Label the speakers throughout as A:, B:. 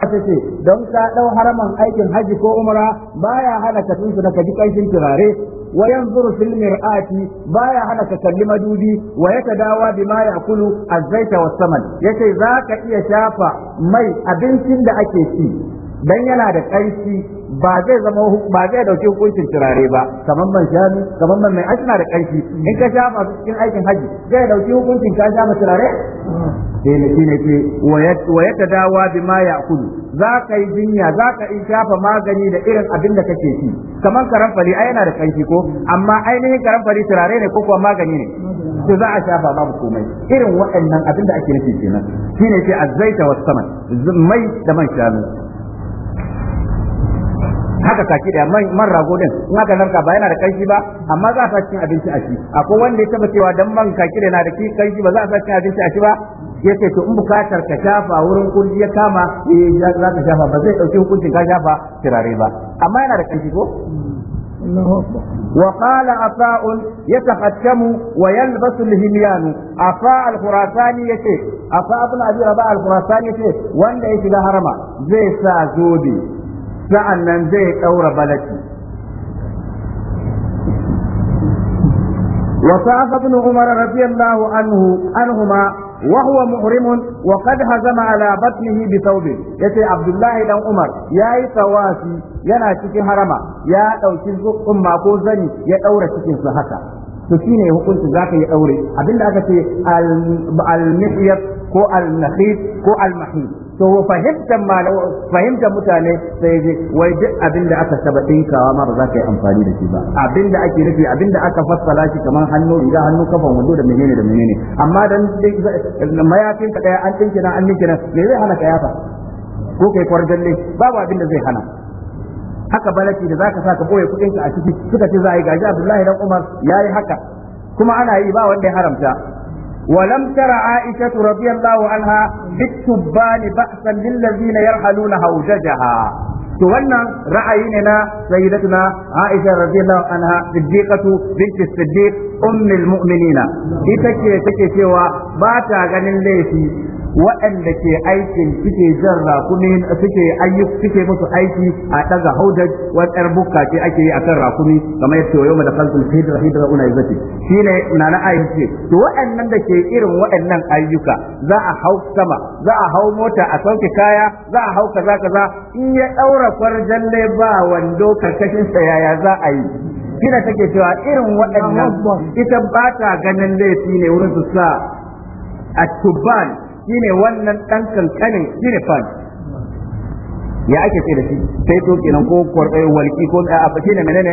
A: ta ce don ka ɗau haraman aikin haji ko umra baya hana ka tunsu da ka ji ƙanshin turare wa fil mir'ati baya hana ka kalli madubi wa yatadawa bima kulu az-zaita was-saman za ka iya shafa mai abincin da ake ci dan yana da ƙarfi ba zai zama ba zai dauki hukuncin turare ba kamar man shanu kamar man mai ashna da karfi in ka sha masu cikin aikin haji zai dauki hukuncin ka sha turare sai ne shine dawa wa ma ya kudu. za ka yi jinya za ka yi shafa magani da irin abin da kake ci kamar karamfari ai yana da kanshi ko amma ainihin karamfari turare ne ko kuwa magani ne to za a shafa babu komai irin waɗannan abin da ake nufi kenan shine ke azzaita wasu saman mai da man shanu haka kaki da man man rago din in aka narka ba yana da kanshi ba amma za a sa cikin abinci a shi akwai wanda ya taba cewa dan man kaki da yana da kanshi ba za a sa cikin abinci a shi ba yace to in bukatar ka shafa wurin kurji ya kama eh za ka shafa ba zai dauki hukuncin ka shafa kirare ba amma yana da kanshi ko وقال عطاء يتختم ويلبس الهميان عطاء الخراساني يتي عطاء بن ابي رباح الخراساني يتي وان يتي هرما زي سازودي sa'an nan zai ɗaura balaki وساق ابن عمر رضي الله عنه عنهما وهو محرم وقد هزم على بطنه بثوبه يتي عبد الله بن عمر ياي تواسي yana cikin harama ya dauki zukun ko zani ya ɗaura cikin su haka to shine hukunci zaka ya daure abinda aka ce al ko al ko al to fahimtar fahimtar mutane sai je wai duk abin da aka saba dinkawa ma ba za ka yi amfani da shi ba abin da ake nufi abin da aka fassara shi kamar hannu riga hannu kafan wando da menene da menene amma dan mayafin ka an dinki na an dinki na me zai hana ka yafa ko kai kwarjalle babu abin da zai hana haka balaki da zaka sa ka boye kudin ka a ciki suka ce za a yi gaji Abdullahi dan Umar ya yi haka kuma ana yi ba wanda ya haramta ولم تر عائشة رضي الله عنها بالتبان بأسا للذين يرحلون هوججها to wannan ra'ayi ne na na Aisha radiyallahu anha siddiqatu binti siddiq ummul mu'minina ita ce take cewa ba ta ganin laifi waɗanda ke aikin suke jan rakumi suke ayyuka suke musu aiki a daga haudaj wadar bukka ce ake yi akan rakumi kamar yadda yau da kalkul hidra hidra una yazati shine na na ayyuka ce to waɗannan da ke irin waɗannan ayyuka za a hau sama za a hau mota a sauke kaya za a hau kaza kaza in ya daura kwarjalle ba wando karkashin sa yaya za a yi kina take cewa irin waɗannan ita ba ta ganin laifi ne wurin su sa a tuban shine wannan dan kankanin girfan ya ake ce da shi sai to kenan ko kwarbai walki ko a bace ne menene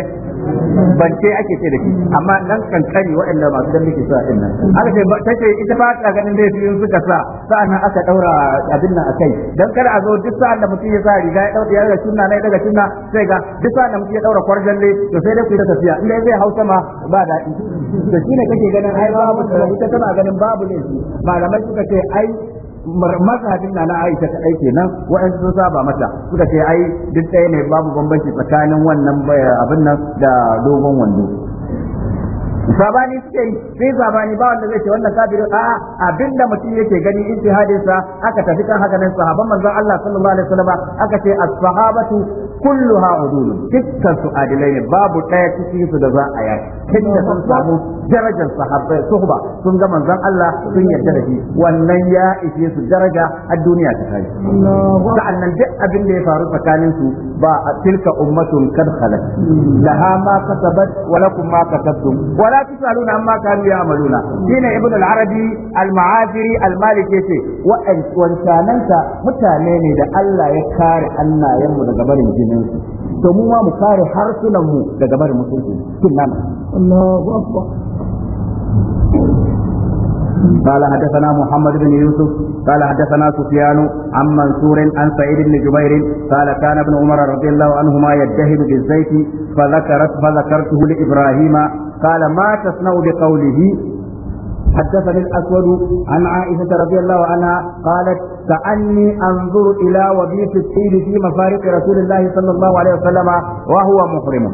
A: ban ce ake ce da shi amma dan kankani waɗanda masu dan nake sa ɗin nan aka ce ta ce ita ba ta ganin dai sun suka sa sa'annan aka ɗaura abin nan kai dan kar a zo duk sa'an da mutum ya sa riga ya daura ya daga sunna ne daga sunna sai ga duk sa'an da mutum ya daura kwarjalle to sai dai ku ta tafiya inda zai hausa ma ba daɗi to ne kake ganin ai babu ita tana ganin babu ne malamai suka ce ai mazhabin na na Aisha ta aike nan waɗansu sun saba mata suka ce ai duk ɗaya ne babu bambanci tsakanin wannan abin nan da dogon wando sabani suke yi sai sabani ba wanda zai ce wannan kafirin a'a abinda mutum yake gani ijtihadin sa aka tafi kan haka nan sahabban manzon Allah sallallahu alaihi wasallam aka ce as-sahabatu kulluha udul dukkan su adilai ne babu daya cikin su da za a yaki kinda sun samu darajar sahabbai suhba sun ga manzon Allah sun yarda da shi wannan ya ishe su daraja a duniya ta kai sa'annan duk abin da ya faru tsakanin su ba tilka ummatun kad khalat laha ma kasabat wa lakum ma kasabtum wa ولا تسألون عما كانوا يعملون شين ابن العربي المعافري المالكي يتي وانسانانسا متانيني دا الله يكاري أنا يمو دا قبر الجنين to mu ma mu kare harsunan mu daga barin mutunci kin nan
B: Allahu akbar
A: قال حدثنا محمد بن يوسف قال حدثنا سفيان عن منصور عن سعيد بن جبير قال كان ابن عمر رضي الله عنهما يجتهد بالزيت فذكرت فذكرته لابراهيم قال ما تصنع بقوله حدثني الأسود عن عائشة رضي الله عنها قالت كأني أنظر إلى وبيس الطين في مفارق رسول الله صلى الله عليه وسلم وهو محرم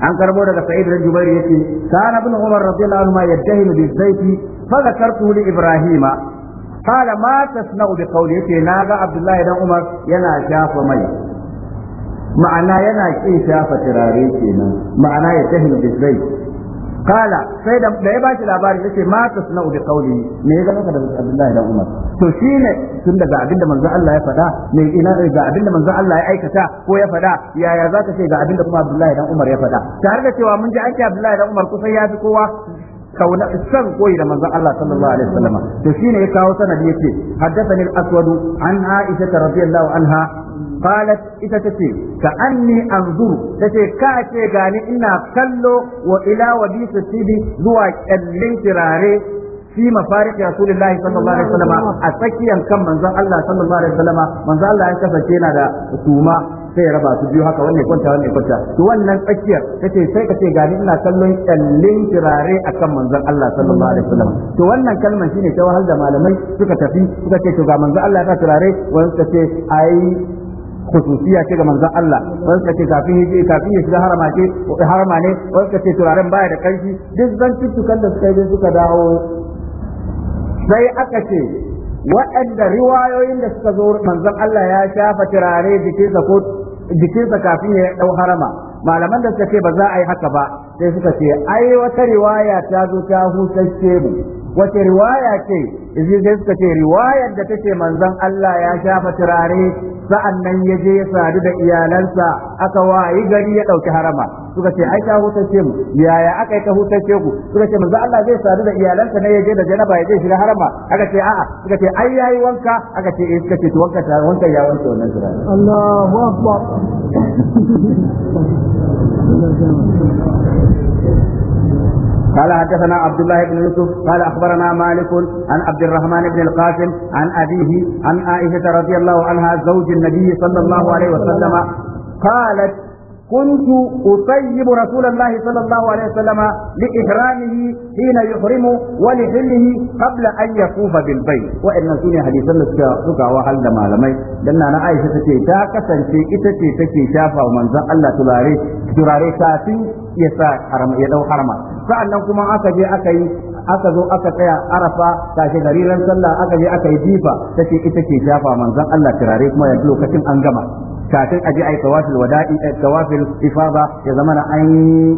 A: an karbo daga sa'id bin jubair yace kana ibn umar radiyallahu anhu ma yaddahinu bi zaiti fa zakartu ibrahima qala ma tasna'u bi qawli yace naga abdullahi idan umar yana shafa mai ma'ana yana ƙin shafa turare kenan ma'ana ya tahil bizai kala sai da ya ba bashi labari yace ma suna bi qawli me ya zama da Abdullahi dan Umar to shine tun daga abinda manzo Allah ya faɗa me ina ga abinda manzo Allah ya aikata ko ya faɗa yaya za zaka ce ga abinda kuma Abdullahi dan Umar ya faɗa tare da cewa mun ji ake Abdullahi dan Umar kusan ya fi kowa kauna san koyi da manzon Allah sallallahu alaihi wasallam to shine ya kawo sanadi yace haddathani al-aswad an aisha radiyallahu anha qalat ita tace ta'anni anni anzuru tace ka gani ina kallo wa ila wadisa sidi zuwa kyallin tirare fi mafariki rasulullahi sallallahu alaihi wasallam a tsakiyan kan manzon Allah sallallahu alaihi wasallam ya kasance yana da sai raba su biyu haka wanne kwanta wanne kwanta to wannan tsakiyar kace sai kace gani ina kallon kyallin turare akan manzon Allah sallallahu alaihi wasallam to wannan kalmar shine ta wahal da malamai suka tafi suka ce to ga manzon Allah ya turare wani suka ce ai khususiya ce ga manzon Allah wasu kace kafin kafin ya shiga harama ce harama ne wasu kace turaren baya da karfi duk zantuttukan da suka yi suka dawo sai aka ce waɗanda riwayoyin da suka zo manzon Allah ya shafa turare jikinsa ko jikinsa kafin ya dau harama malaman da suka ce ba za a yi haka ba sai suka ce ai wata riwaya ta zo ta husasce mu wace riwaya ce izi sai suka ce riwayar da take manzon Allah ya shafa turare sa'an nan ya je ya sadu da iyalansa aka wayi gari ya ɗauki harama suka ce ai ta hutace mu yaya aka yi ta hutace ku suka ce manzon Allah zai sadu da iyalansa ne ya je da janaba ya je shiga harama aka ce a'a suka ce ai yayi wanka aka ce eh suka ce to wanka wanka ya wanke wannan turare Allahu akbar قال حدثنا عبد الله بن يوسف قال أخبرنا مالك عن عبد الرحمن بن القاسم عن أبيه عن عائشة رضي الله عنها زوج النبي صلى الله عليه وسلم قالت كنت أطيب رسول الله صلى الله عليه وسلم لإحرامه حين يحرم ولحله قبل أن يطوف بالبيت وإن سنة حديثا لسكا وحل دما لمي لأن أنا عائشة تكي تاكسا في إتكي تكي شافا ومن الله تلاري تلاري كافي يسا حرم يدو حرما nan kuma aka je aka yi aka zo aka tsaya arafa tashi gari ran sallah aka je aka yi jifa tace ita ke shafa manzon Allah turare kuma yanzu lokacin an gama kafin aje ai tawafil wada'i eh, tawafil ifada ya zamana an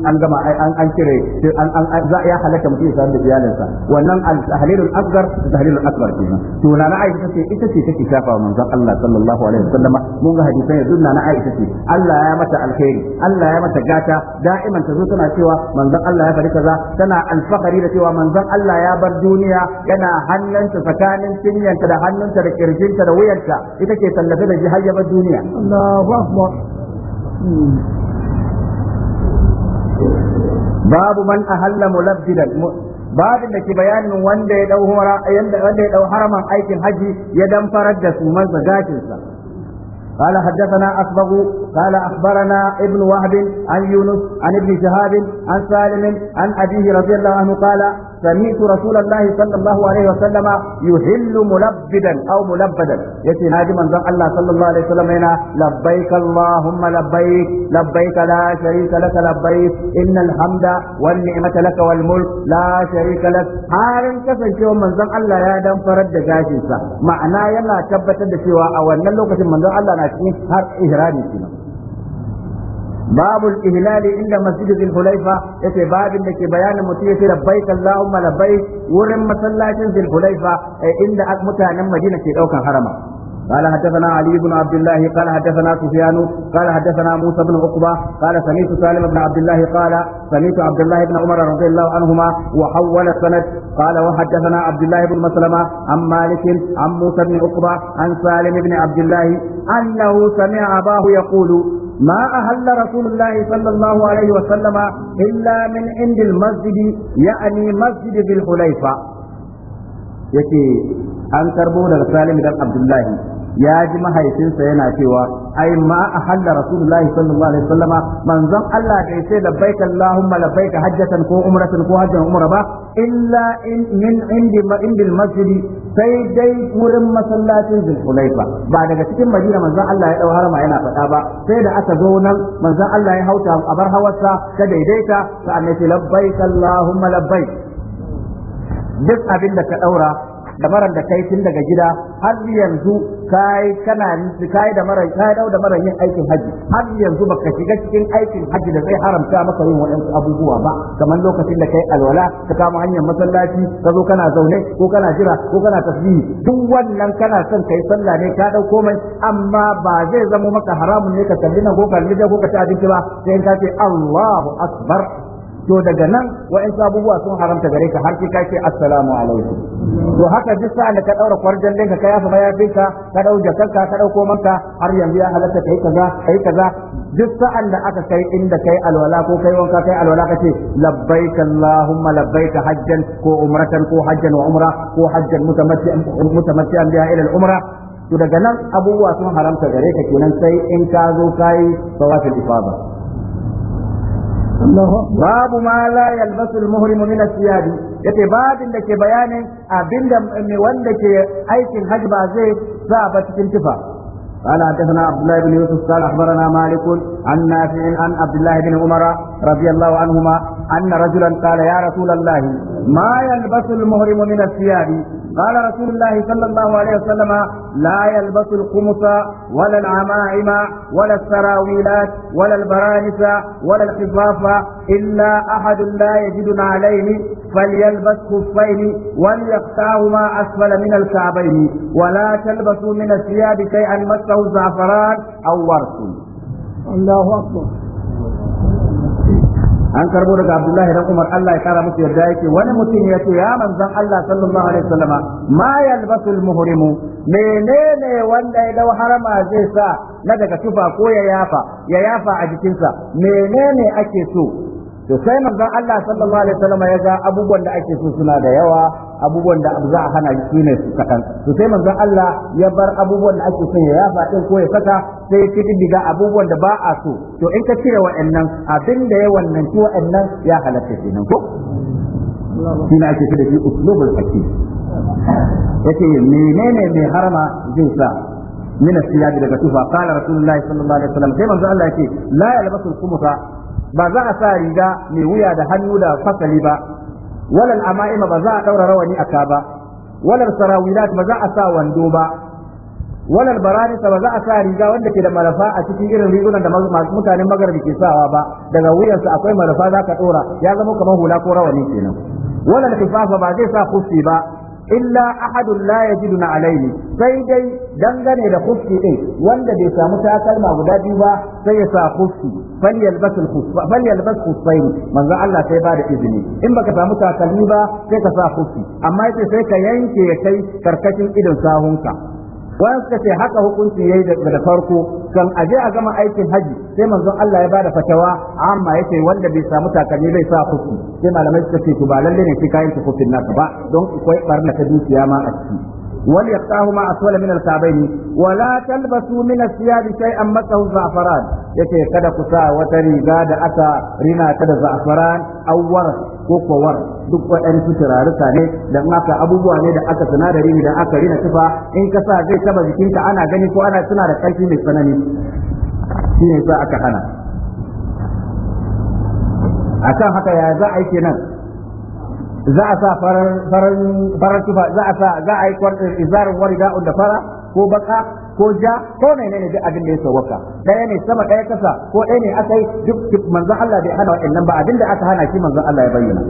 A: an gama ai an an kire an an za ya halaka mutum ya samu iyalinsa wannan al-tahlilul asghar tahlilul akbar kenan to na Aisha ce ita ce take shafa manzon Allah sallallahu alaihi wasallam mun ga hadisan yanzu na Aisha ce Allah ya mata alkhairi Allah ya mata gata da'iman ta zo tana cewa manzon Allah ya faɗi kaza tana alfahari da cewa manzon manzon Allah ya bar duniya yana hannunta tsakanin cinyanta da hannunta da kirjinta da wuyarta ita ke tallafe da jihar ya bar duniya Allahu akbar babu man ahalla mulabbidan babu da ke bayanin wanda ya dau yanda wanda ya dau haraman aikin haji ya dan farar da su man zagatinsa قال حدثنا أصبغ قال أخبرنا ابن وهب عن يونس عن ابن شهاب عن سالم عن أبيه رضي الله عنه قال سمعت رسول الله صلى الله عليه وسلم يهل ملبدا أو ملبدا يتي ناجي من زم الله صلى الله عليه وسلم هنا لبيك اللهم لبيك لبيك لا شريك لك لبيك إن الحمد والنعمة لك والملك لا شريك لك حالا كفن شيء من زم الله يا دم فرد جاشنسا معناه يلا تبتد شيء أو أن لوكة من زم الله ناشني هر إهراني كنا باب الاهلال عند مسجد ذي الحليفه يتي باب دake bayanin mutum yace labbaik allahumma labbaik wurin masallacin ذي الحليفه inda mutanen Madina ke daukan harama قال حدثنا علي بن عبد الله قال حدثنا سفيان قال حدثنا موسى بن عقبة قال سمعت سالم بن عبد الله قال سمعت عبد الله بن عمر رضي الله عنهما وحول السند قال وحدثنا عبد الله بن مسلمة عن مالك عن موسى بن عقبة عن سالم بن عبد الله أنه سمع أباه يقول ما أهل رسول الله صلى الله عليه وسلم إلا من عند المسجد يعني مسجد ذي الحليفة yake an karbo daga salim dan abdullahi ya ji mahaifinsa yana cewa ai ma a halla rasulullahi sallallahu alaihi wasallama manzon Allah bai ce labbaik allahumma labbaik hajjatan ko umratan ko hajjan umra ba illa in min indi ma indil sai dai wurin masallacin zulhulaifa ba daga cikin madina manzon Allah ya dau harama yana faɗa ba sai da aka zo nan manzon Allah ya hauta a bar hawarsa ta daidaita sa'an ne labbaik allahumma labbaik duk abin da ka daura da maran da kai tun daga gida har yanzu kai kana kai da maran kai da maran yin aikin haji har yanzu baka shiga cikin aikin haji da zai haramta maka yin waɗansu abubuwa ba kamar lokacin da kai alwala ka kama hanyar masallaci ka zo kana zaune ko kana jira ko kana tasbihi duk wannan kana son kai sallah ne ka dau komai amma ba zai zama maka haramun ne ka kalli nan ko kalli ko ka ci abinci ba sai ka ce Allahu akbar to daga nan wa'in abubuwa sun haramta gare ka har sai ka ce assalamu alaikum to haka duk sa'an da ka daura kwarjan ɗinka ka yafa mayafinka ka ɗau jakarka, ka ɗauko manka har yanzu ya halatta kai kaza kai kaza duk sa'an da aka kai inda kai alwala ko kai wanka kai alwala kace labbaik allahumma labbaik hajjan ko umratan ko hajjan wa umra ko hajjan mutamatti'an biha ila al-umra to daga nan abubuwa sun haramta gare ka kenan sai in ka zo kai sawafin ifada babu ma la yalbasu al-muhrimu min as-siyab yace babin da ke bayanin abinda wanda ke aikin hajji ba zai sa ba cikin tufa قال حدثنا عبد الله بن يوسف قال اخبرنا مالك عن نافع عن عبد الله بن عمر رضي الله عنهما ان رجلا قال يا رسول الله ما يلبس المهرم من الثياب قال رسول الله صلى الله عليه وسلم لا يلبس القمص ولا العمائم ولا السراويلات ولا البرانس ولا الخفاف الا احد لا يجد عليه فليلبس خفين وليقطعهما أسفل من الكعبين ولا تلبسوا من الثياب شيئا مسه الزعفران أو ورق الله أكبر an karbo daga Abdullahi dan Umar Allah ya kara musu yarda yake wani mutum ya ce ya manzon Allah sallallahu alaihi wasallama ma yalbasul muhrimu menene wanda ya dau harama zai sa na daga tufa ko ya yafa ya yafa a jikinsa menene ake so to sai manzo Allah sallallahu alaihi wasallam ya ga abubuwan da ake so suna da yawa abubuwan da za a hana shi ne su kadan to sai manzo Allah ya bar abubuwan da ake son ya yafa din ko ya saka sai ya diga abubuwan da ba a so to in ka cire wa'annan abin da ya wannan ci wa'annan ya halatta nan ko shi ne ake da shi uslubul hakim yace menene mai harama zai sa min asiyab daga tufa qala rasulullahi sallallahu alaihi wasallam sai manzo Allah yace la yalbasul khumsa ba za a sa riga mai wuya da hannu da fasali ba walal ama'ima ba za a daura rawani a ka ba walal sarawilat ba za a sa wando ba walal baranisa ba za a sa riga wanda ke da malafa a cikin irin rigunan da mutanen magarbi ke sawa ba daga wuyansa akwai malafa za ka dora ya zama kamar hula ko rawani kenan walal tufafa ba zai sa kufi ba illa ahadun la yajiduna alaihi sai dai dangane da kufi din wanda bai samu takalma guda biyu ba sai ya sa kufi falyalbasul kufa falyalbas manzo Allah sai ba da izini in baka samu takalmi ba sai ka sa kufi amma yace sai ka yanke kai karkashin idon sahunka wani suka ce haka hukunci yayi daga farko kan aje a gama aikin haji sai manzon Allah ya bada fatawa amma yace wanda bai samu takalmi bai sa kufi sai malamai suka ce to ba lalle ne sai kayan kufin nasa ba don akwai barna ta dukiya ma a ciki وليقطعه ما أسفل من الكعبين ولا تلبسوا من الثياب شيئا مسه الزعفران يتي كذا كسا wata riga da aka rina زعفران أو ورق ko ko war duk waɗansu turaruka ne dan aka abubuwa ne da aka sinadari da aka rina tufa in ka sa zai taba jikinka ana gani ko ana suna da ƙarfi mai tsanani shine sa aka hana akan haka yaya za a yi kenan za a sa farar tufa za a sa za a yi eh, izarin warida da fara ko baka ko ja ko menene duk abin da ya sawaka Ɗaya ne sama ɗaya kasa ko ɗaya ne aka yi duk manzon Allah bai hana wa'annan ba abin da aka hana shi manzon Allah ya bayyana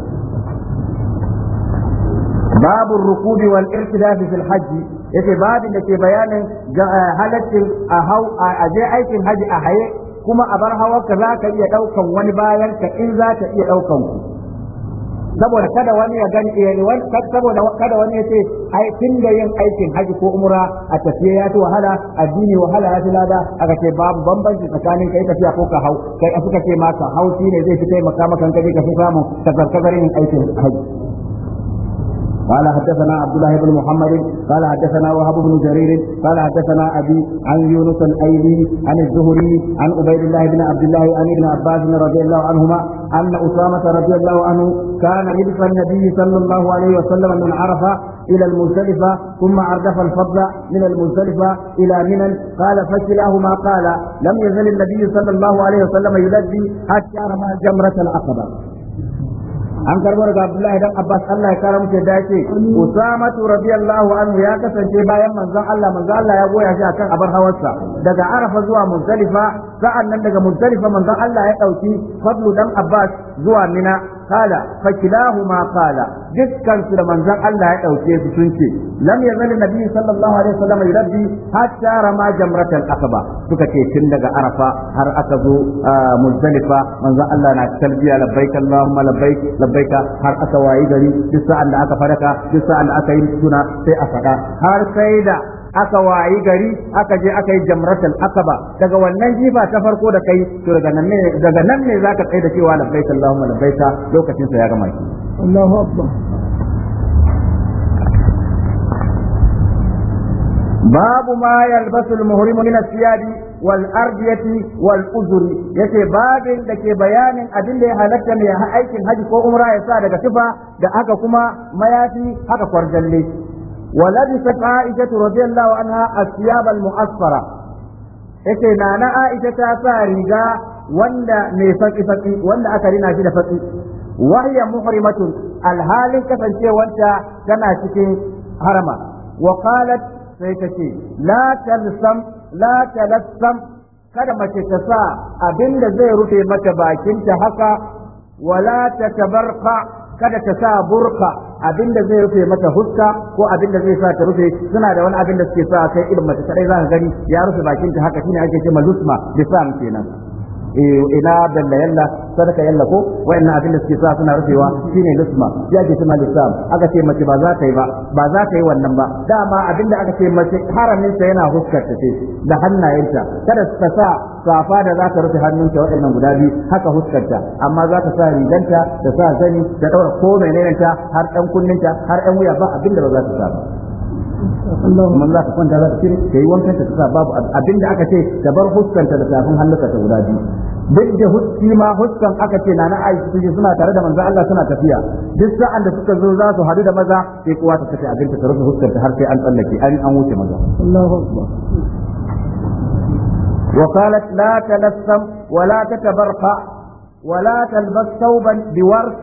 A: babu rukubi wal irtidafi fil hajji yace babin da ke bayanin eh, halaccin a hau a je aikin hajji a haye kuma a bar hawa ka za ka iya ɗaukan wani bayan ka in za ta iya ɗaukan ku saboda kada wani ya gani saboda kada wani ya ce ai tun da yin aikin haji ko umura, a tafiya ya ci wahala addini wahala ya ci lada aka ce babu bambanci tsakanin kai tafiya ko ka hau kai suka ce ma ka hau ne zai fi taimaka maka kan kaje ka fi samu kazar yin aikin haji قال حدثنا عبد الله بن محمد قال حدثنا وهب بن جرير قال حدثنا أبي عن يونس الأيلي عن الزهري عن عبيد الله بن عبد الله عن ابن عباس رضي الله عنهما أن أسامة رضي الله عنه كان يدفع النبي صلى الله عليه وسلم من عرفة إلى المزدلفة ثم أردف الفضل من المزدلفة إلى منى قال فكلاهما قال لم يزل النبي صلى الله عليه وسلم يلبي حتى رمى جمرة العقبة an karbo daga Abdullahi dan Abbas Allah ya kara muke dace Usama radiyallahu anhu ya kasance bayan manzon Allah manzon Allah ya goya shi akan abar hawarsa daga Arafa zuwa Muzdalifa nan daga Muzdalifa manzon Allah ya dauki Fadlu dan Abbas zuwa Mina qala fa kilahuma qala dukkan su da manzon Allah ya ɗauke su sun ce lam yazal nabi sallallahu alaihi wasallam yurabbi hatta rama jamratal aqaba suka ke tun daga arafa har aka zo muzdalifa manzon Allah na talbiya labbaik allahumma labbaik labbaika har aka wayi gari duk sa'an da aka faraka duk sa'an da aka yi suna sai a faɗa har sai da aka wayi gari aka je aka yi jamratul akaba daga wannan jifa ta farko da kai to daga nan ne daga nan ne zaka tsaya da cewa la baita allahumma la baita lokacin sa ya gama babu ma ya albasu al muhrimu min wal uzuri wal udhri yace babu inda ke bayanin abin da ya halarta mai aikin haji ko umra ya sa daga kifa da aka kuma mayafi haka kwarjalle ولبست عائشة رضي الله عنها الثياب المعصفرة yake na na Aisha ta sa riga wanda mai faki wanda aka rina shi da faki wahiya muhrimatun alhalin kasancewanta tana cikin harama wa qalat sai ta ce la talsam kada mace ta sa abinda zai rufe mata bakinta haka wala ka. kada ta sa burka abinda zai rufe mata huska ko abinda zai sa ta rufe suna da wani abinda suke sa kai irin mace kadai za ka gani ya rufe bakinta haka shine ake cewa lusma bisan kenan Eh, ina dalla yalla sadaka yalla ko wayannan abin da suke sa suna rufewa shine lisma ya ce suna lisam aka ce mace ba za ta yi ba ba za ta yi wannan ba dama abin da aka ce mace haramin sa yana huskar ta ce da hannayenta kada ta sa safa da za ta rufe hannunta waɗannan guda biyu haka huskarta amma za ta sa riganta da sa zani da ɗaura ko menene ta har ɗan kunninta har ɗan wuya ba abin da ba za ta sa ba man za ka kwanta za ka cire ka yi wankan ta sa babu abinda aka ce ta bar huskanta da tafin hannunka ta guda biyu duk da huski ma huskan aka ce na na aisha suke suna tare da manzo Allah suna tafiya duk sa'an da suka zo za su hadu da maza sai kowa ta tafi abinta ta rufe huskanta har sai an tsallake an an wuce maza Allahu akbar وقالت لا تلثم ولا تتبرقع ولا تلبس ثوبا بورق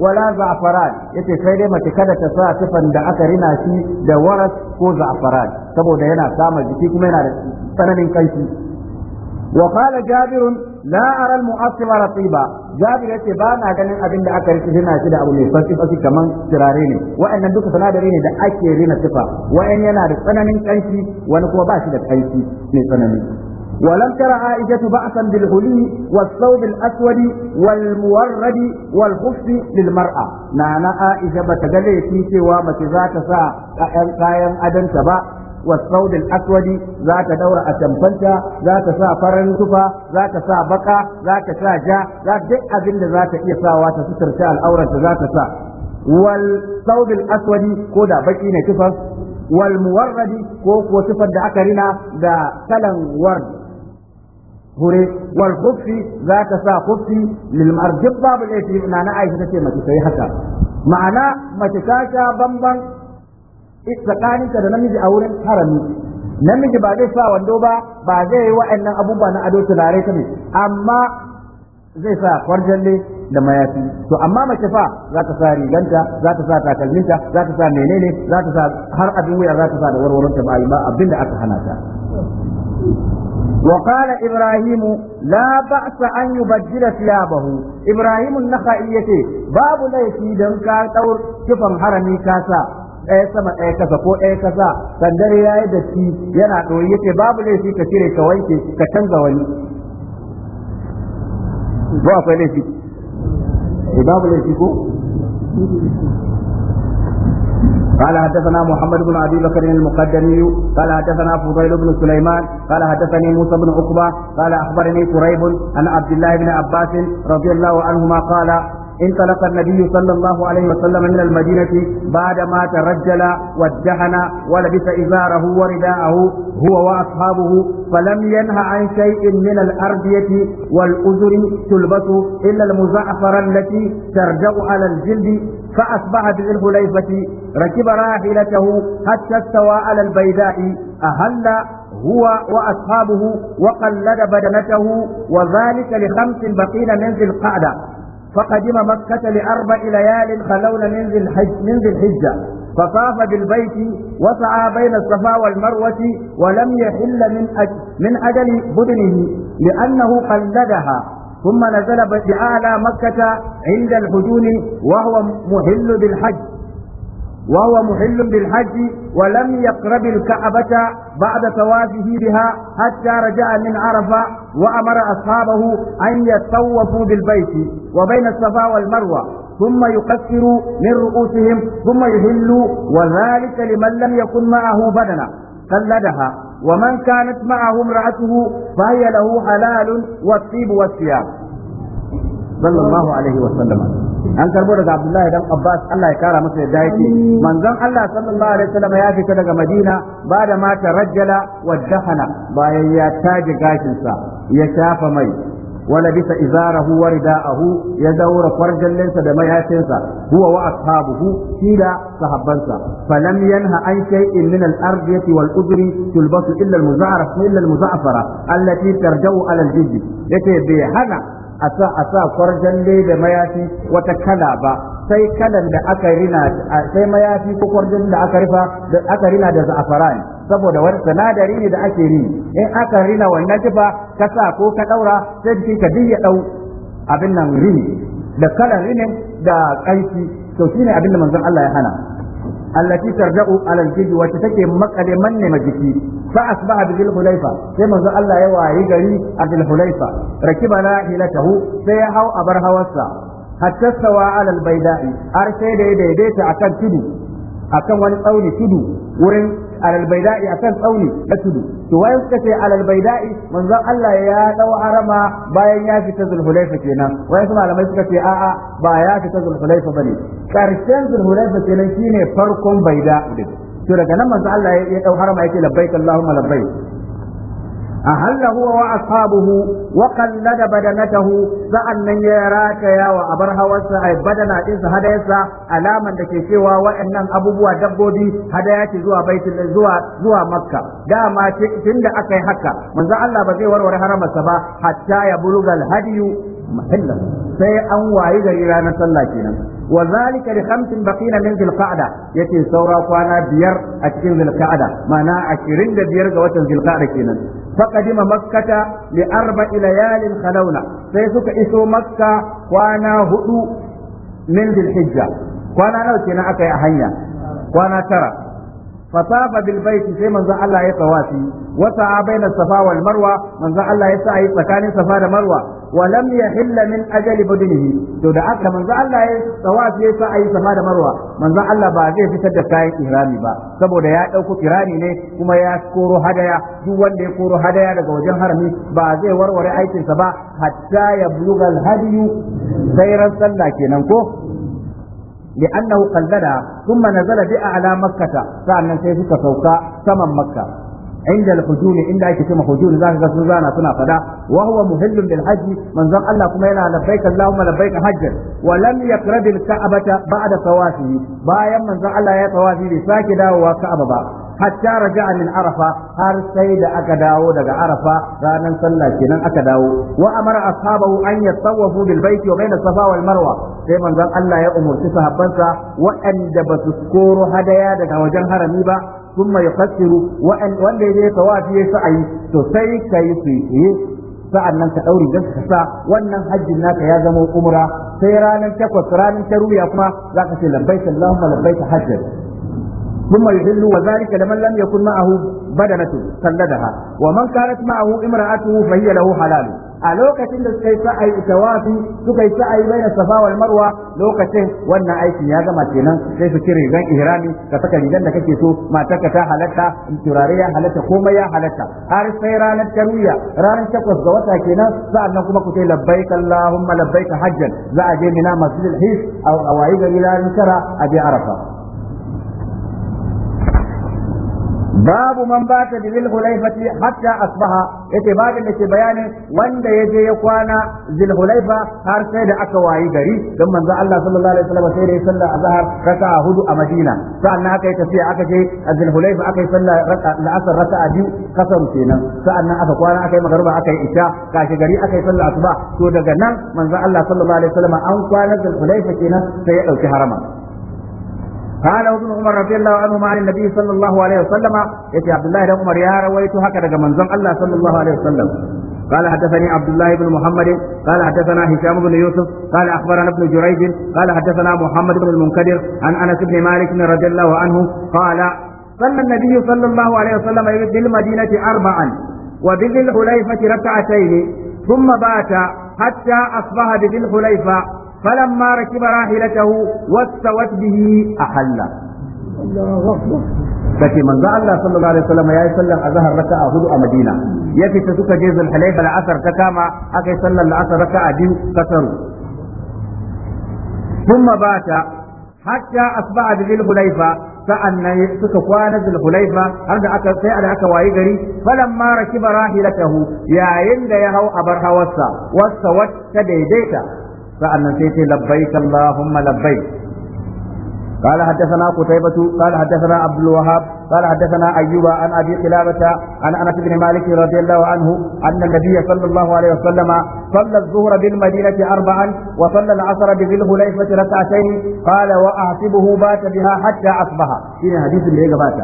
A: ولا زعفران yace sai dai mace kada ta sa tufan da aka rina shi da waras ko za'afaran saboda yana samun jiki kuma yana da tsananin kanshi wa qala jabir la ara al mu'assira ratiba jabir yace ba na ganin abin da aka rina shi da abu mai fasi fasi kaman turare ne wa'annan duka sanadari ne da ake rina tufa wa'an yana da tsananin kanshi wani kuma ba shi da kanshi mai tsanani ولم تر عائشة بأسا بالهلي والثوب الأسود والمورد والخف للمرأة نانا عائشة بتجلي في سوى متزاك ساعة كاين أدن سبا والثوب الأسود ذات دورة أتنفنتا ذات ساعة فرنسفة ذات ساعة بقى ذات ساعة جا ذات دي أذن ذات إيسا واتستر ساعة الأورة ذات ساعة والثوب الأسود كودا بكين كفر والمورد كوكو تفد عكرنا ذا كلن ورد hure wal kufi za ka sa khuffi lil marjib babu laifi na na Aisha tace mace sai haka ma'ana mace ta sha bamban tsakaninka da namiji a wurin harami namiji ba zai sa wando ba ba zai yi wa'annan abubuwa na ado tunare ta ne amma zai sa kwarjalle da mayafi to amma mace fa za ta sa riganta za ta sa takalminta za ta sa menene za ta sa har abin wuya za ta sa da warwaronta ba abinda aka hana ta وقال إبراهيم لا بأس أن يبدل ثيابه إبراهيم النخعي يتي باب لا يكيدن كاتور كفن حرمي كاسا ɗaya sama ɗaya kasa ko ɗaya kasa sandar ya yi datti yana ɗoyi yace babu laifi ka cire ka wanke ka canza wani قال حدثنا محمد بن ابي بكر المقدمي قال حدثنا فضيل بن سليمان قال حدثني موسى بن عقبه قال اخبرني قريب عن عبد الله بن عباس رضي الله عنهما قال انطلق النبي صلى الله عليه وسلم من المدينة بعدما ترجل وادهن ولبس إزاره ورداءه هو وأصحابه فلم ينه عن شيء من الأردية والأزر تلبس إلا المزعفر التي ترجع على الجلد فأصبح بالحليفة ركب راحلته حتى استوى على البيداء أهل هو وأصحابه وقلد بدنته وذلك لخمس بقين من ذي القعدة فقدم مكة لأربع ليال خلون من ذي الحجة فطاف بالبيت وسعى بين الصفا والمروة ولم يحل من أجل, من أجل بدنه لأنه قلدها ثم نزل بأعلى مكة عند الحجون وهو محل بالحج وهو محل بالحج ولم يقرب الكعبة بعد توافه بها حتى رجع من عرفة وأمر أصحابه أن يتطوفوا بالبيت وبين الصفا والمروة ثم يقصروا من رؤوسهم ثم يهلوا وذلك لمن لم يكن معه بدنا قلدها ومن كانت معه امرأته فهي له حلال والطيب والثياب صلى الله عليه وسلم an karbo daga Abdullahi dan Abbas Allah ya kara masa yadda yake manzon Allah sallallahu alaihi wasallam ya fita daga Madina ba da mata rajjala wa dahana bayan ya taje gashin sa ya shafa mai wala bisa izarahu wa rida'ahu ya daura kwarjallensa da mayafinsa huwa wa ashabuhu shi da sahabbansa falam yanha an shay'in min al-ardiyati wal udri tulbasu illa al-muza'raf illa al-muza'fara allati tarja'u ala al yace bai hana a sa kwarjalle da mayafi wata kala ba sai kalan da aka rina da aka rifa da saboda wani sinadari ne da ake rini in aka rina wannan jifa ka sa ko ka daura sai jikin ka duk ya dau abin nan rini da kalan rinin da kanki to shine abin da manzon Allah ya hana allati tarja'u ala al-jidi wacce take makale manne majiki fa asbaha bi hulaifa sai manzo Allah ya wayi gari a bil hulaifa rakibana hilatahu sai ya hau abar hawarsa hatta sawa ala al-baida'i har sai da ya daidaita akan tudu akan wani tsauni tudu wurin alal a kan tsauni na tudu to wayan suka ce alal baida'i manzon Allah ya ɗau harama bayan ya fita zulhulaifa kenan wayan su malamai suka ce a'a ba ya fita zulhulaifa bane karshen zulhulaifa kenan shine farkon baida to daga nan manzon Allah ya dau harama yake labbaik Allahumma labbaik أهل هو وأصحابه وقلد بدنته فأن يراك يا وأبرها وسع بدنا إنس هدايسا ألاما دكي سوى وإن أبوبوا دبودي هدايا زوا بيت زوا زوا مكة داما تند أكي حكا من ذا الله بزي ورور حرم السبا حتى يبلغ الهدي محلا سي أنواعي غير أنا صلى كينا وذلك لخمس بقين من ذي القعدة يتي سورا كوانا بير أتكين ذي القعدة معناها عشرين بير قوة ذي القعدة كينا فقدم مكة لأربع ليال خلونا سيسك إسو مكة وانا هدو من ذي الحجة وانا نوتنا أكي أهنيا وانا ترى فطاف بالبيت سي من الله يطواتي وسعى بين الصفا والمروة من الله يسعى سكان الصفا والمروة wa lam yahilla min ajali badunihi to da aka manzo Allah ya tawafi ya sa ayi sama da marwa manzo Allah ba zai fitar da kayan ihrami ba saboda ya dauko kirani ne kuma ya koro hadaya duk wanda ya koro hadaya daga wajen harami ba zai warware aikinsa ba hatta ya buluga alhadiyu sai ran sallah kenan ko لأنه قلدها ثم نزل بها على مكة sai suka sauka saman makka. inda al-hujuri inda ake cewa hujuri zaka ga sun zana suna fada wa huwa muhillun bil hajji manzon Allah kuma yana labbaik Allahumma labbaik hajjar. wa lam yaqrab al-ka'bata ba'da tawafihi bayan manzon Allah ya tawafi bai sake dawowa Ka'aba ba hatta raja'a min arafa har sai da aka dawo daga arafa ranar sallah kenan aka dawo wa amara ashabahu an yatawafu bil baiti wa baina safa marwa sai manzon Allah ya umarci sahabbansa waɗanda ba su koro hadaya daga wajen harami ba thumma yufassiru wanda ya yi tawafi ya sa'ayi to sai kai su yi sa'annan ka daure da ka sa wannan hajjin naka ya zama umra sai ranar takwas ranar taruya kuma zaka ce labbaika allahumma labbaika hajjan ثم يحل وذلك لمن لم يكن معه بدنة خلدها ومن كانت معه امرأته فهي له حلال a lokacin da suka yi sa'ayi tawafi suka yi sa'ayi baina safa wal marwa lokacin wannan aikin ya gama kenan sai su cire rigan ihrami ka saka rigan da kake so matarka ta halatta turare ya halatta komai ya halatta har sai ranar tarwiya ranar takwas ga wata kenan nan kuma ku ce labbaik allahumma labbaik hajjan za a je mina masjidil his a wayi gari ranar tara a je arafa babu man bata bi zulhulaifati hatta asbaha yace babin da ke bayani wanda ya je ya kwana zulhulaifa har sai da aka wayi gari don manzo Allah sallallahu alaihi wasallam sai da ya salla azhar raka'a hudu a Madina sa'annan aka yi tafiya aka je zulhulaifa aka yi salla la'asar raka'a biyu kasam kenan sa'annan aka kwana aka yi magruba aka yi isha kashi gari aka yi salla asuba to daga nan manzo Allah sallallahu alaihi wasallam an kwana zulhulaifa kenan sai ya dauki harama قال ابن عمر رضي الله عنهما عن النبي صلى الله عليه وسلم يتي عبد الله بن عمر يا رويت هكذا من زم الله صلى الله عليه وسلم قال حدثني عبد الله بن محمد قال حدثنا هشام بن يوسف قال اخبرنا ابن جريج قال حدثنا محمد بن المنكدر عن انس بن مالك رضي الله عنه قال صلى النبي صلى الله عليه وسلم بالمدينه اربعا وبذي الحليفه ركعتين ثم بات حتى اصبح بذي الحليفه فلما ركب راحلته واستوت به احل الله فكي من ذا الله صلى الله عليه وسلم يا سلم أظهر ركع أهد مدينه يكي ستوك جيز الحليف العثر كما أكي صلى العثر ركع أدين كسر ثم بات حتى أصبع ذي الغليفة كأن يسك قوانا ذي الغليفة أرجع سيئة لك ويقري فلما ركب راحلته يا إن يهو أبرها وسا وسا وسا sa'annan sai ce labbaik allahumma labbaik قال حدثنا قتيبة قال حدثنا عبد الوهاب قال حدثنا أيوب عن أبي قلابة عن أنس بن مالك رضي الله عنه أن النبي صلى الله عليه وسلم صلى الظهر بالمدينة أربعا وصلى العصر بذي الحليفة ركعتين قال وأعصبه بات بها حتى أصبح في حديث اللي بات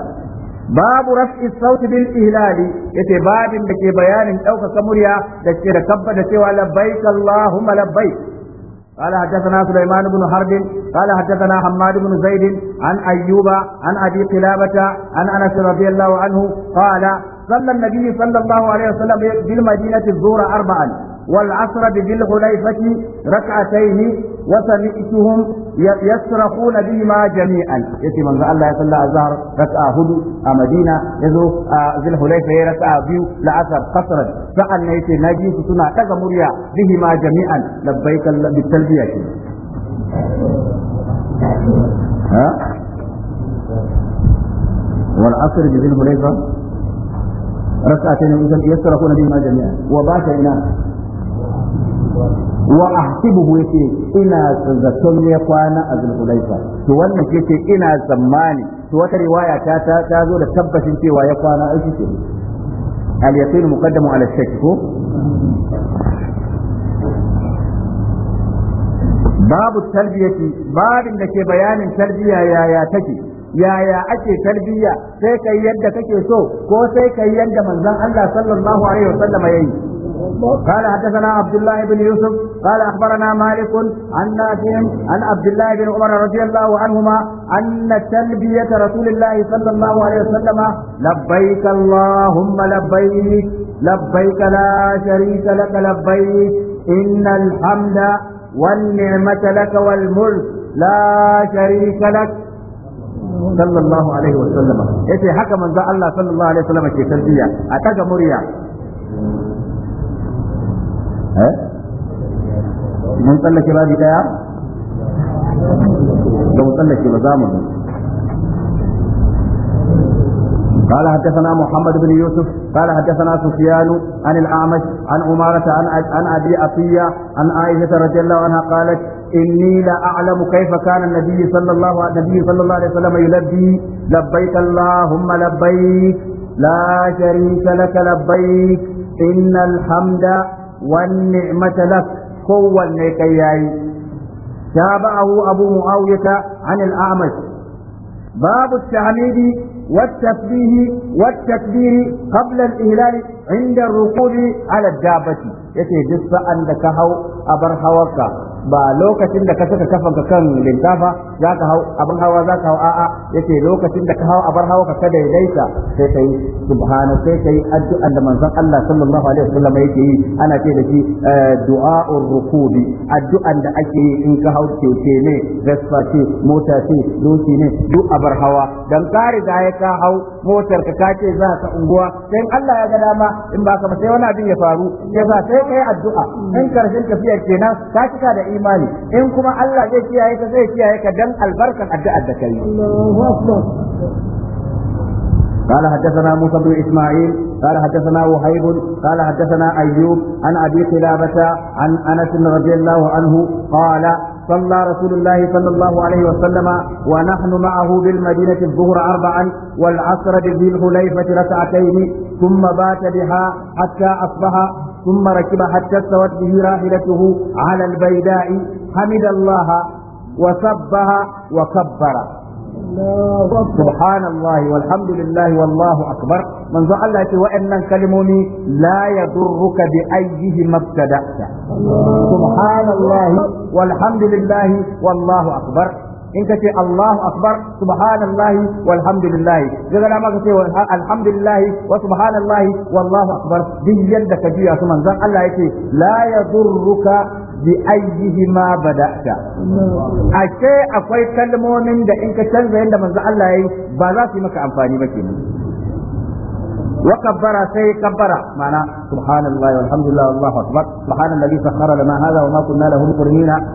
A: babu raf'i sauti bil ihlali yace babin da ke bayanin ɗaukaka murya da ke da kabba da cewa labbaik allahumma labbaik قال حدثنا سليمان بن حرب قال حدثنا حماد بن زيد عن أيوب عن أبي قلابة عن أنس رضي الله عنه قال صلى النبي صلى الله عليه وسلم بالمدينة الزور أربعا والعصر بذي الحليفة ركعتين وسمعتهم يصرخون بهما جميعا يتي من الله يصلى الظهر ركعة هدو آه، مدينة يزو آه، ذي الحليفة ركعة بيو لعصر قصرا فأنا يتي ناجي ستنا تغمريا بهما جميعا لبيك بالتلبية ها والعصر بذي الحليفة ركعتين يصرخون بهما جميعا وباشا إنا wa ahsibuhu yace ina zaton ya kwana a zulhulaifa to wannan yace ina tsammani to wata riwaya ta ta ta zo da tabbacin cewa ya kwana aiki ce al yaqin muqaddamu ala shakk ko babu tarbiyati babin da ke bayanin tarbiya yaya take yaya ake tarbiyya sai kai yadda kake so ko sai kai yadda manzon Allah sallallahu alaihi wasallam yayi قال حدثنا عبد الله بن يوسف قال اخبرنا مالك عن نافع عن عبد الله بن عمر رضي الله عنهما ان تلبيه رسول الله صلى الله عليه وسلم لبيك اللهم لبيك لبيك لا شريك لك لبيك ان الحمد والنعمه لك والملك لا شريك لك صلى الله عليه وسلم yace حكم ان الله صلى الله عليه وسلم في تلبيه اتاك مريا mun tsallake لك daya da mun tsallake ba za mu قال حدثنا محمد بن يوسف قال حدثنا سفيان عن الأعمش عن عمارة عن عن أبي عطية عن عائشة رضي الله عنها قالت إني لأعلم كيف كان النبي صلى الله النبي صلى الله عليه وسلم يلبي لبيك اللهم لبيك لا شريك لك لبيك إن الحمد Wanne ni'mata lak kowanne kai yayi tabahu abu muawiyata an al-a'mash babu tahmidi والتسبيح والتكبير قبل الإهلال عند الركوب على sa'an da ka hau a bar hawarka ba lokacin da ka saka kafanka kan lintafa Za ka hau abin hawa zaka hau a'a yake lokacin da ka hau abar hawa ka daidaita sai kai subhana sai kai addu'an da manzon Allah sallallahu alaihi wasallam yake yi ana ce da shi eh, du'a'ur rukubi addu'an da ake yi in ka hau keke ne vespa ce mota ce doki ne duk abar hawa dan kare da ya ka hau motar ka kace za ka unguwa sai Allah ya ga dama in ba ka sai wani abin ya faru yasa sai kai addu'a in karshen tafiyar kenan ka cika da imani in kuma Allah zai kiyaye ka zai kiyaye ka dan albarkan addu'ar da kai قال حدثنا موسى بن اسماعيل قال حدثنا وهيب قال حدثنا ايوب عن ابي قلابه عن انس رضي الله عنه قال صلى رسول الله صلى الله عليه وسلم ونحن معه بالمدينة الظهر أربعا والعصر بذي الحليفة ركعتين ثم بات بها حتى أصبح ثم ركب حتى استوت به راحلته على البيداء حمد الله وسبها وكبر سبحان الله والحمد لله والله أكبر من ذو الله وإن كلموني لا يضرك بأيهما ابتدأت سبحان الله والحمد لله والله أكبر in ka ce Allahu akbar walhamdulillahi daga dama ka ce alhamdulillahi wa subhanallahi wallahu akbar duk yadda ka juya su manzon Allah yake la bi ayyihi ma bada'ta ashe akwai kalmomin da in ka canza yadda manzo Allah yayi ba za su yi maka amfani ba kenan wa kabbara sai kabbara mana subhanallahi walhamdulillah wallahu akbar subhanallazi sakhkhara lana hadha wa ma kunna lahu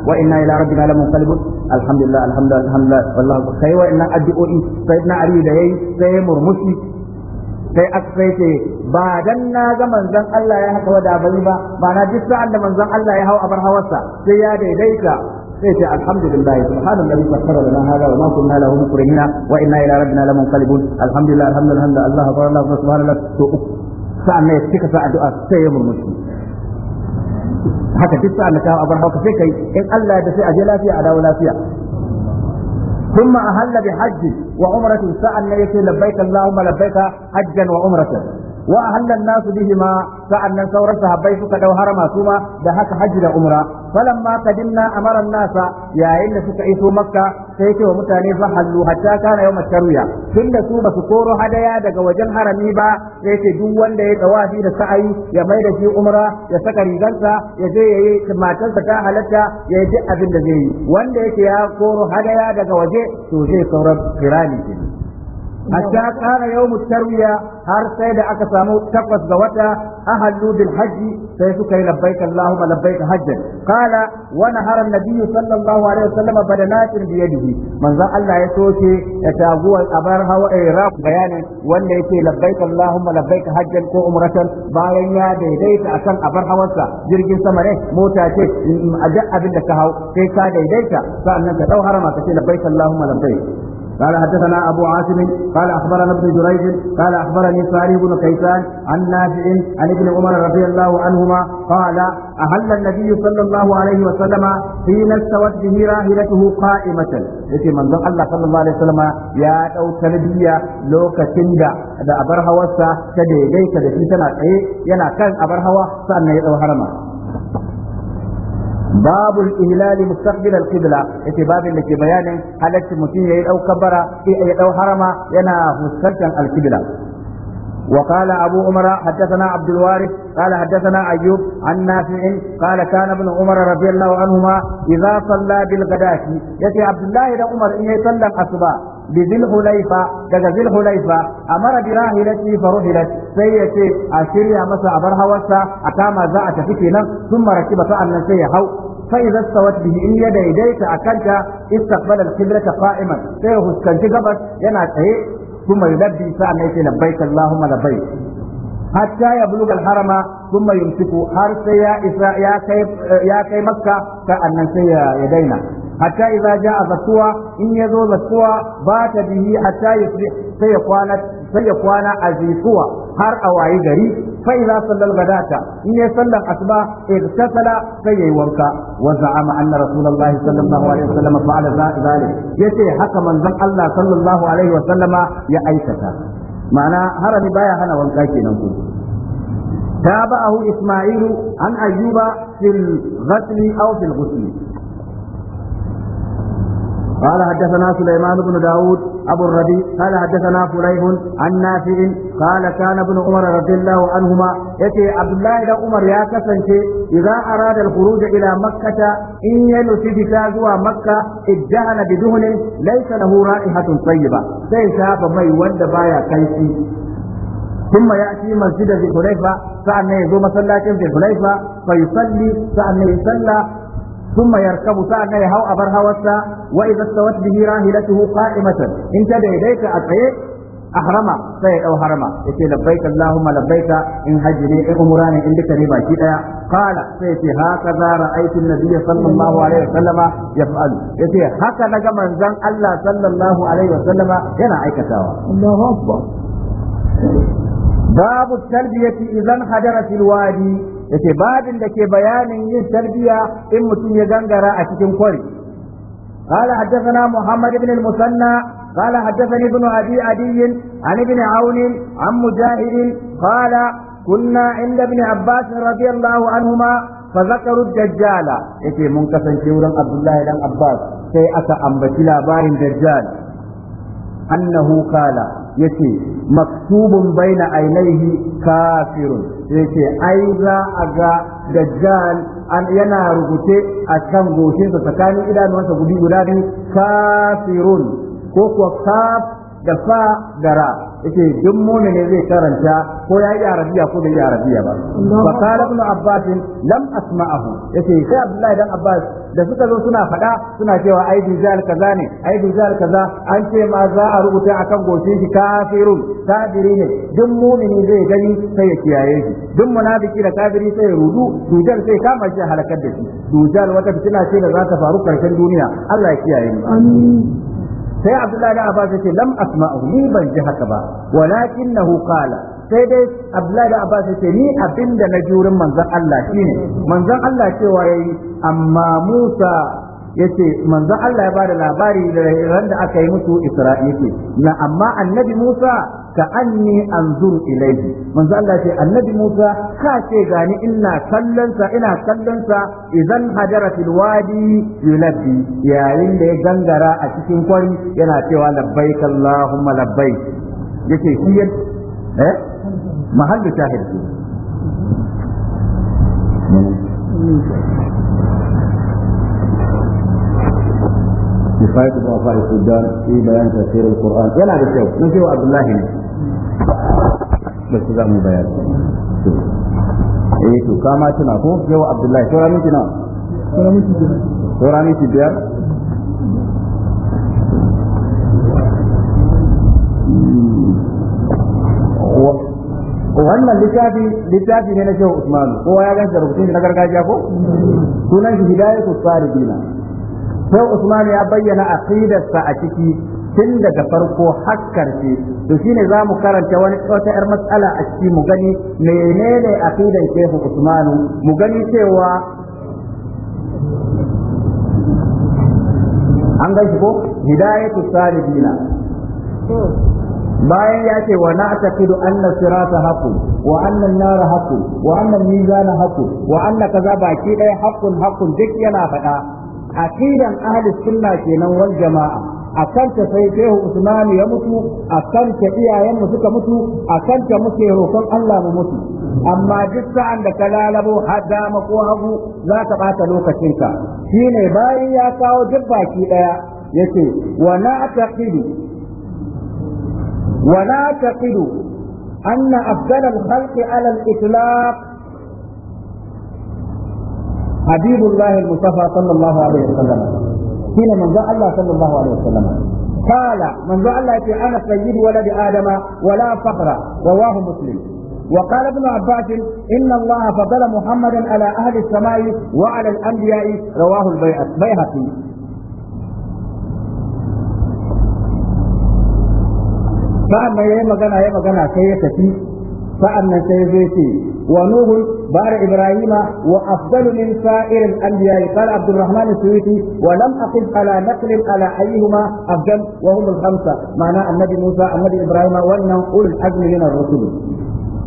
A: wa inna ila rabbina wallahu sai wa inna addu'o'i sayyidina ali da yayi sai sai sai ce ba dan na ga manzon Allah ya haka wada bari ba ba na duk sa'an da manzon Allah ya hau abar hawarsa sai ya daidaita sai ce alhamdulillah subhanallahi alladhi sakhkhara lana hada wa ma kunna lahu muqrinina wa inna ila rabbina lamunqalibun alhamdulillah alhamdulillah Allah akbar Allah subhanallah to sa'an ne kika sa addu'a sai ya murmushi haka duk sa'an da ka abar haka sai kai in Allah ya da sai aje lafiya a dawo lafiya ثم أهل بحج وعمرة سأل يقول لبيك اللهم لبيك حجا وعمرة وأهل الناس بهما سأل ثورة صحابي سكا دو هرما سوما دهك حج وعمرة فلما قدمنا أمر الناس يا إن سكا مكة sai ce wa mutane fa hallu hatta kana yawma tarwiya tunda su basu koro hadaya daga wajen harami ba sai ce duk wanda ya tawafi da sa'ayi ya mai da shi umra ya saka rigarsa ya je ya yi ta halatta ya yi duk abin da zai yi wanda yake ya koro hadaya daga waje to zai saurar kirani kenan hatta kana yawmu tarwiya har sai da aka samu takwas ga wata ahallu bil hajji sai suka yi labbaik allahumma labbaik hajjan qala wa nahara an-nabiy sallallahu alaihi wasallam badanatin bi yadihi manzo Allah ya soke ya taguwar abar hawa iraq bayanin wanda yake labbaik allahumma labbaik hajjan ko umratan bayan ya daidaita akan abar hawarsa jirgin sama ne mota ce a abin da ka hau sai ka daidaita sa'annan ka dau harama ka ce labbaik allahumma labbaik قال حدثنا أبو عاصم قال أخبرنا ابن جريج قال أخبرني صالح بن كيسان عن نافع عن ابن عمر رضي الله عنهما قال أهل النبي صلى الله عليه وسلم حين استوت به راحلته قائمة يتي من الله صلى الله عليه وسلم يا أو تلبية لو كتندا da abar hawarsa ta daidaita da shi tana tsaye yana kan abar hawa sannan ya dau harama babu ihlali mustaqbil al-qibla yace babin da ke bayanin halaccin mutum yayi dau kabara ya dau harama yana fuskantar al-qibla وقال أبو عمر حدثنا عبد الوارث قال حدثنا أيوب عن نافع قال كان ابن عمر رضي الله عنهما إذا صلى بالغداة يتي عبد الله بن عمر إن يصلى الأصباح bi zil hulaifa daga zil hulaifa amara bi rahilati fa sai ya ce a shirya masa a bar hawarsa a kama za a tafi kenan sun maraki ba sa'annan sai ya hau فإذا استوت به إن يديك أكلت استقبل القبلة قائما سيهسكنت قبل ينعت ثم يلبي سأنيت لبيك اللهم لبيك حتى يبلغ الحرم ثم يمسك حرس يا sai كي يا كي مكة كأن سي يدينا hatta idza a zatuwa in yazo zatuwa ba ta bihi hatta yusbih sai ya kwana sai ya har a wayi gari fa idza sallal gadata in ya sallan asuba igtasala sai yayi wanka wa za'ama anna rasulullahi sallallahu alaihi wasallam fa'ala zalik haka manzon Allah sallallahu alaihi ya aikata ma'ana harani baya hana wanka kenan ku تابعه إسماعيل عن أيوب في الغسل أو في الغسل قال حدثنا سليمان بن داود أبو الربيع قال حدثنا فليح عن نافع قال كان ابن عمر رضي الله عنهما يتي عبد الله بن عمر يا كسنتي إذا أراد الخروج إلى مكة إن ينسي بتازوى مكة اتجهن بدهن ليس له رائحة طيبة ليس فمي ود بايا كيسي ثم يأتي مسجد ذي حليفة فأنا يزور مسلاة ذي حليفة فيصلي فأنا يصلى ثم يركب سعد يهو أبر هوسا وإذا استوت به راهلته قائمة إن تدعيك أتعي أحرم سيد أو حرم يتي لبيك اللهم لبيك إن هجني إن أمراني إن بك ريبا قال سيتي هكذا رأيت النبي صلى الله عليه وسلم يفعل يتي هكذا من زن الله صلى الله عليه وسلم ينا أي كتاوى الله أكبر باب التلبية إذا انحدرت الوادي yace babin da ke bayanin yin tarbiya in mutum ya gangara a cikin kwari قال حدثنا محمد بن المثنى قال حدثني ابن ابي عدي عن ابن عون عن مجاهد قال كنا عند ابن عباس رضي الله عنهما فذكروا الدجال يتي إيه منكسن شورا عبد الله بن عباس sai aka ambaci labarin dajjal annahu kala yace maktubun baina ainihi kafirun yace ai za a ga dajjal an yana rubuce a kan sa tsakanin idanuwansa guda biyu kafirun ko kuwa kaf da fa da yace duk ne zai karanta ko ya yi arabiya ko bai yi arabiya ba fa qala ibn abbas lam asma'ahu yace sai abdullahi dan abbas da suka zo suna faɗa suna cewa ai dijal kaza ne ai dijal kaza an ce ma za a rubuta akan goshin shi kafirun kafiri ne duk mu'mini zai gani sai ya kiyaye shi duk munafiki da kafiri sai ya rudu dujal sai kama shi halakar da shi dujal wata fitina ce da za ta faru karshen duniya Allah ya kiyaye mu amin sai abdullahi da abbas yace lam asma'u ni ban ji haka ba walakinahu qala sai dai abdullahi da abbas yace ni abinda na jurin manzon Allah shine manzon Allah cewa yayi amma Musa yace manzo Allah ya bada labari da ran da aka yi musu Isra'i na amma annabi Musa ka anni anzur ilaihi manzo Allah ce annabi Musa ka ce gani ina kallon ina kallon sa idan hadara fil wadi yulabbi yayin da ya gangara a cikin kwari yana cewa labbaik Allahumma labbaik yace shi eh mahallu نفاية ضعفاء السودان في بيان تفسير القرآن ولا بشيء نجيو عبد الله بس ذا مو بيان eh to kama tuna ko yau abdullahi saura miki na saura miki biyar hmm. wannan littafi littafi ne na shehu usmanu kowa ya gansa da rubutun na gargajiya ko sunan shi hidayatu salihina sai Usman ya bayyana aqidarsa a ciki tun daga farko har karshe to shine za mu karanta wani wata yar matsala a ciki mu gani menene aqidar Shehu Usman mu gani cewa an gaishe ko hidayatu salihina bayan ya ce wa na'taqidu anna sirata haqqun wa anna an-nara haqqun wa anna al-mizana haqqun wa anna kaza baki ɗaya haqqun haqqun duk yana faɗa aqidan ahli sunna kenan wal jama'a akan ta sai shehu usman ya mutu akan ta iyayen mu suka mutu akan ta muke roƙon Allah mu mutu amma duk sa'an da ta lalabo ma ko hagu za ka bata lokacinka shine bayan ya kawo duk baki daya yace wa taqidu wa taqidu anna afdal al-khalqi ala al-itlaq حبيب الله المصطفى صلى الله عليه وسلم حين من الله صلى الله عليه وسلم قال من ذا الله في أنا سيد ولد آدم ولا فقر رواه مسلم وقال ابن عباس إن الله فضل محمدا على أهل السماء وعلى الأنبياء رواه البيهقي فأنا يا مجانا يا مجانا magana sai ya tafi sa'an nan بعد إبراهيم وأفضل من سائر الأنبياء قال عبد الرحمن السويتي ولم أقف على نقل على أيهما أفضل وهم الخمسة معناه النبي موسى النبي إبراهيم وأنه أولو العزم من الرسل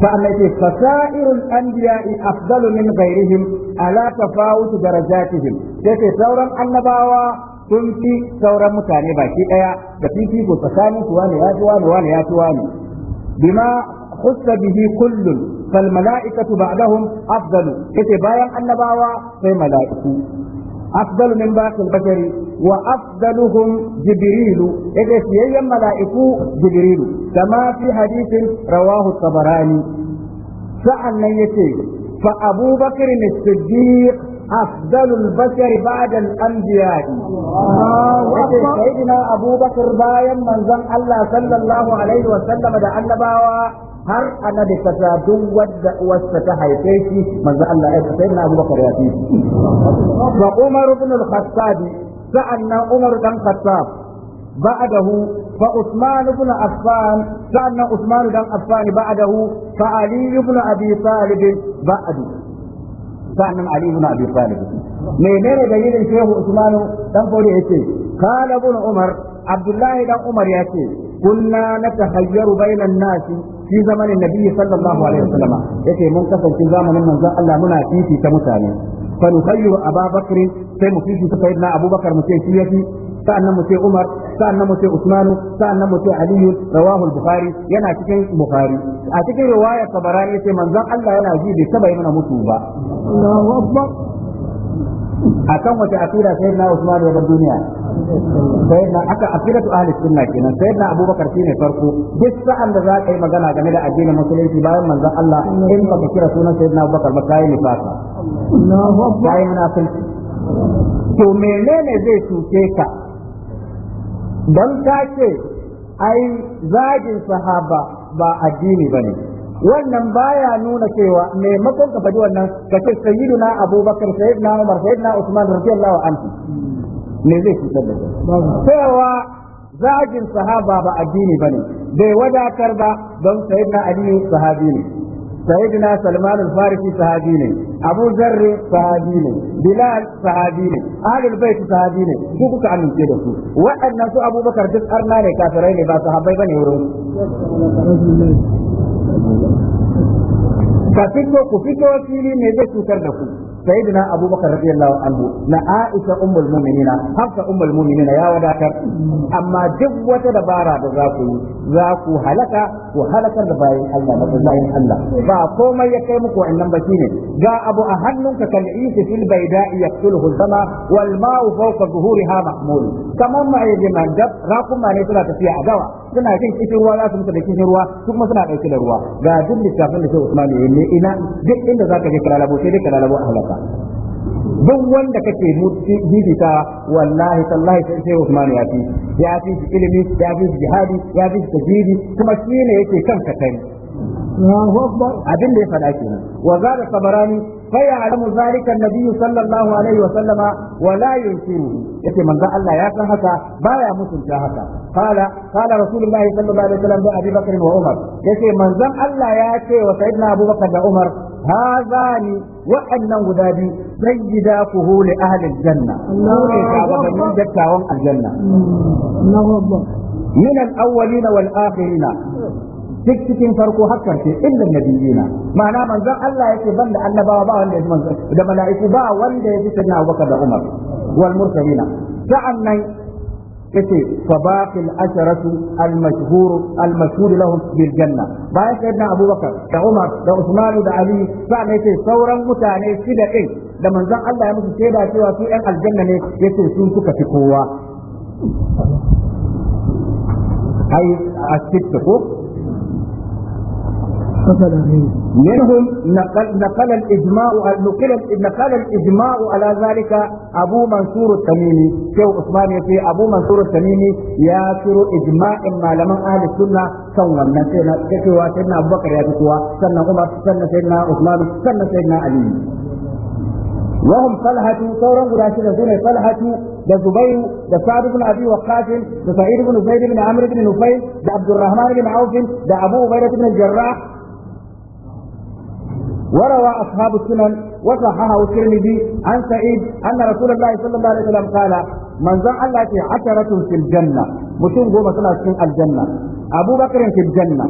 A: فالتي فسائر الأنبياء أفضل من غيرهم على تفاوت درجاتهم تكي ثورا النباوة sun fi sauran mutane baki ɗaya da fifiko tsakanin su wani ya fi wani wani ya fi wani bima خص به كل فالملائكة بعدهم أفضل إتبايا النباوة في ملائكة أفضل من باقي البشر وأفضلهم جبريل إذا سيئا ملائكة جبريل كما في حديث رواه الطبراني فعلنا يتي فأبو بكر الصديق أفضل البشر بعد الأنبياء سيدنا أبو بكر بايا من زن الله صلى الله عليه وسلم دا النباوة har da kasa duk wadda uwarsa ta haife shi manzo Allah ya sai na Abu Bakar ya fi wa Umar ibn al-Khattab sa'annan Umar dan Khattab بعده فعثمان بن عفان كان عثمان بن fa بعده فعلي بن ابي طالب بعده كان Ali ibn Abi Talib menene dalilin shehu Usmanu dan Fodi yace kala ibn Umar Abdullahi dan Umar yace kunna natahayyaru bainan nasi fi zamanin nabiyyi sallallahu alaihi wasallam yace mun kasance zamanin manzon Allah muna ta mutane fa nukhayyiru Aba sai mu fifita sayyidina Abubakar, Bakar mu ce shi yafi Umar sa'annan mu ce Usman sa'annan mu ce Ali rawahu al-Bukhari yana cikin Buhari, a cikin riwayar Tabarani yace manzon Allah yana ji bai taba yi mana mutu ba akan wace akida sayyidina Usman ya bar duniya sayyidina aka akidatu ahli sunna kenan sayyidina Abubakar shine farko duk sa'an da za ka yi magana game da addinin musulunci bayan manzon Allah in ka kira sunan sayyidina Abubakar ba kai nifaka Allahu akbar kai munafiki to menene zai cuce ka Dan ka ce ai zagin sahaba ba addini bane wannan baya nuna cewa maimakon ka faɗi wannan ka ce sayyidina abubakar sayyidina umar sayyidina usman radiyallahu anhu me zai cutar da cewa zagin sahaba ba addini bane bai wadatar ba don sayyidina ali sahabi ne sayyidina salman al-farisi sahabi ne abu zarri sahabi ne bilal sahabi ne ahlul bait sahabi ne su kuka amince da su waɗannan su abubakar duk arna ne kafirai ne ba sahabbai bane wurin kafin ku fito fili ne zai cutar da ku Saidina abubakar radiyallahu anhu na aisha Umar mu'minina hafsa Umar mu'minina ya wadatar amma duk wata dabara da za ku yi za ku halaka ku halakar da bayan Allah da bayan Allah ba komai ya kai muku wannan ba ne. ga abu a hannunka kal isi fil bai yaqtuluhu sama wal ma'u fawqa zuhuriha mahmul kaman ma yaji man dab rakuma ne suna tafiya a gawa suna jin kishin ruwa za su mutu da kishin ruwa kuma suna ɗauke da ruwa ga duk littafin da Sheikh Usman ya yi ina duk inda zaka je kalalabo sai dai kalalabo a halaka maka duk wanda kake bibita wallahi tallahi sai sai Usman ya fi ya fi ilimi ya fi jihadi ya fi tajiri kuma shi ne yake kan ka kai Allahu Akbar abin da ya faɗa kenan wa zada sabarani fa ya'lamu zalika an-nabiy sallallahu alaihi wa sallama wa la yunkiruhu yace manzo Allah ya san haka baya mutunta haka qala qala rasulullahi sallallahu alaihi wa sallam da Abi Bakr wa Umar yace manzon Allah ya ce wa saidin abubakar da Umar hazani waɗannan guda biyu zai gida ku li ahalin janna ne dattawan aljanna Minan al na wal akhirina duk cikin farko har karshe inda nabiyina ma'ana manzon Allah ban da annabawa ba wanda ya manzon da mala'iku ba wanda ya ji sayyidina Abubakar da Umar wal mursalina sa'annan yace fa al asharatu al mashhur al mashhur lahum bil janna bayan sayyidina abubakar da umar da usman da ali sai yace sauran mutane da kai da manzon Allah ya musu shaida cewa su ɗan aljanna ne yace sun suka fi kowa ai a ko منهم نقل, نقل الإجماع نقل نقل الإجماع على ذلك أبو منصور التميمي شو عثمان في أبو منصور التميمي يا شرو إجماع ما لم أهل السنة سوى من سيدنا سيدنا أبو بكر يا سنة عمر سنة سيدنا عثمان سنة سيدنا علي وهم صلحة ثورا وراشد شيء صلحة da Zubairu da Sa'd ibn Abi Waqqas da Sa'id ibn Zaid ibn Amr ibn Nufayl da Abdurrahman ibn Auf da Abu Ubaidah ibn Jarrah وروى أصحاب السنن وصححه الترمذي عن سعيد أن رسول الله صلى الله عليه وسلم قال من ذا الله عشرة في الجنة مشون قوم في الجنة أبو بكر في الجنة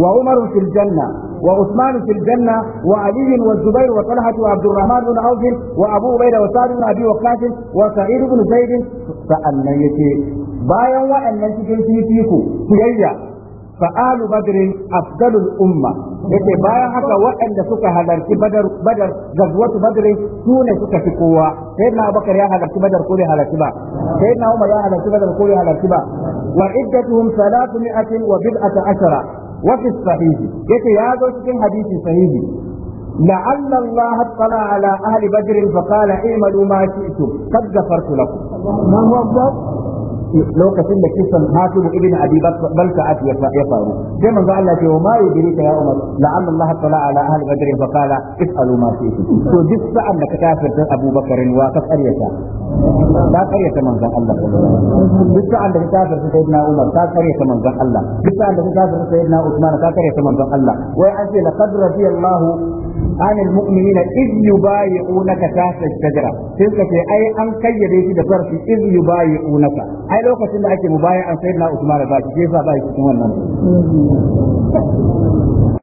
A: وعمر في الجنة وعثمان في الجنة وعلي والزبير وطلحة وعبد الرحمن بن عوف وأبو عبيدة وسعد بن أبي وقاص وسعيد بن زيد فأن يتي bayan waɗannan cikin fifiku kiyayya fa'alu badrin afdalul umma yace bayan haka waɗanda suka halarci badar badar gazwatu badrin su suka fi kowa sai na bakar ya halarci badar ko bai halarci ba sai na umar ya halarci badar ko halarci ba wa iddatuhum salatu mi'atin wa bid'ata ashara wa fi sahihi yace ya zo cikin hadisi sahihi لعل الله اطلع على اهل بدر فقال اعملوا ما شئتم قد غفرت لكم الله lokacin da kisan Hatib ibn Abi Balta'at ya faru sai manzo Allah ce wa ma yudrika ya Umar la'an Allah tala ala ahli badr fa qala is'alu ma fi to duk sa'an da ka kafirta Abu Bakar wa ka karyata ka karyata manzo Allah duk sa'an da ka kafirta Sayyidina Umar ka karyata manzo Allah duk sa'an da ka kafirta Sayyidina Uthman ka karyata manzo Allah wai an ce laqad radiyallahu عن المؤمنين إذ يبايعونك تحت الشجرة تلك في أي أن كيد يجد صرف إذ يبايعونك أي لو كنت أكي مبايع سيدنا عثمان باكي كيف بايع عثمان